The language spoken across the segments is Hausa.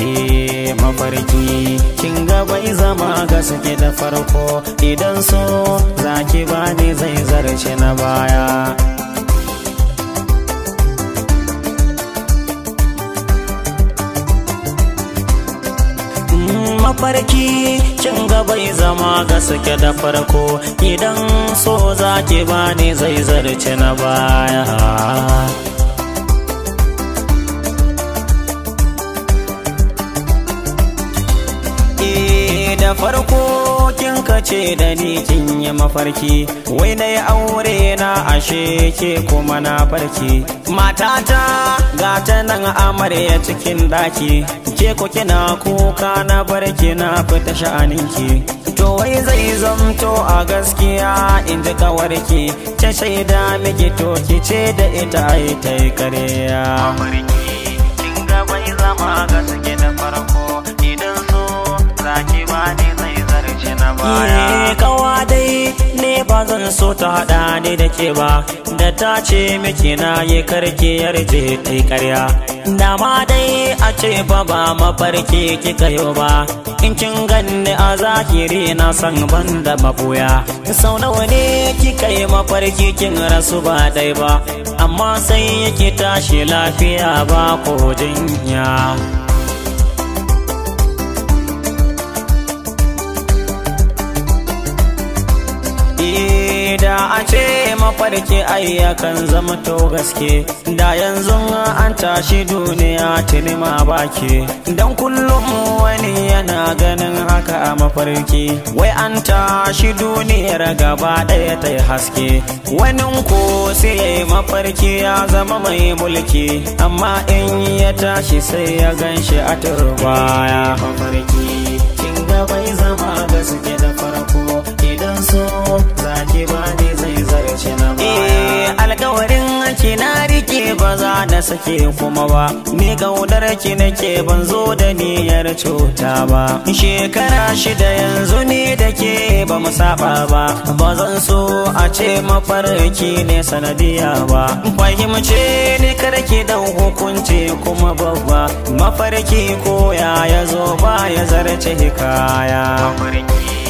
eh mafarki kin ga bai zama gaske da farko idan so za ba bani zai zarce na baya mm, mafarki kin ga bai zama gaske da farko idan so za zaki bani zai zarce na baya da farko kin ce da ni kin yi mafarki wai na yi aure na ashe ke kuma na farki matata ga ta nan amarya cikin ɗaki ke ko kina kuka na barki na fita sha'aninki to wai zai zamto a gaskiya in ji kawarki ta shaida miki to ki ce da ita ai ta yi karya. Mafarki, kin ga bai zama gaske da farko. baya kawa dai ne ba zan so ta hada ni da ke ba da ta ce miki na yi karki yarje ta karya da ma dai a ce ba ba mafarki kika ba in kin ganni a zahiri na san ban da mabuya sau nawa ne kika yi mafarki kin rasu ba dai ba amma sai yake tashi lafiya ba ko jinya mafarki ai yakan zama to gaske da yanzu an tashi duniya tuni ma baki dan kullum wani yana ganin haka a mafarki wai an tashi duniyar gaba ɗaya ta haske wani ko sai mafarki ya zama mai mulki amma in ya tashi sai ya ganshi a turbaya mafarki kin ga zama gaske Eh alkawarin ki na rike ba za na sake kuma ba ni kaudar ki nake ban zo da niyyar cuta ba shekara shida yanzu ne da ke ba mu saba ba ba zan so a ce mafarki ne sanadiya ba fahimce ni karki da hukunci kuma babba mafarki ko ya zo ba ya zarce hikaya mafarki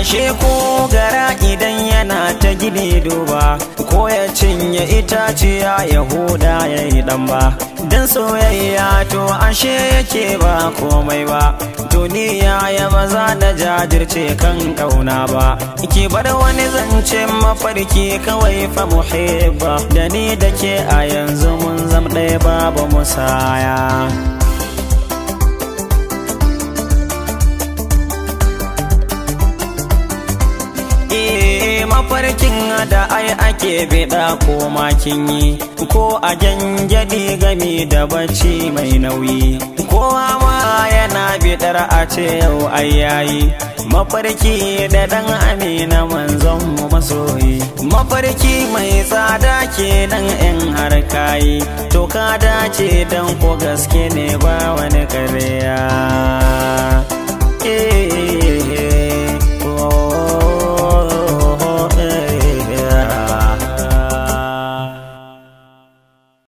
ashe ko gara idan yana ta gini duba ko ya cinye itaciya ya huda ya yi dan ba dan soyayya to ashe yake ba komai ba duniya ya maza da jajirce kan kauna ba ki bar wani zancen mafarki kawai fa muhibba da ni da ke a yanzu mun zam ɗaya babu musaya mafarkin da ai ake bida ko makin yi ko a gyangyaɗi gami da bacci mai nauyi kowa ma yana bidar a ce yau ai yayi mafarki da dan amina manzon mu masoyi mafarki mai tsada ke kenan in har kayi to ka dace dan ko gaske ne ba wani karya eh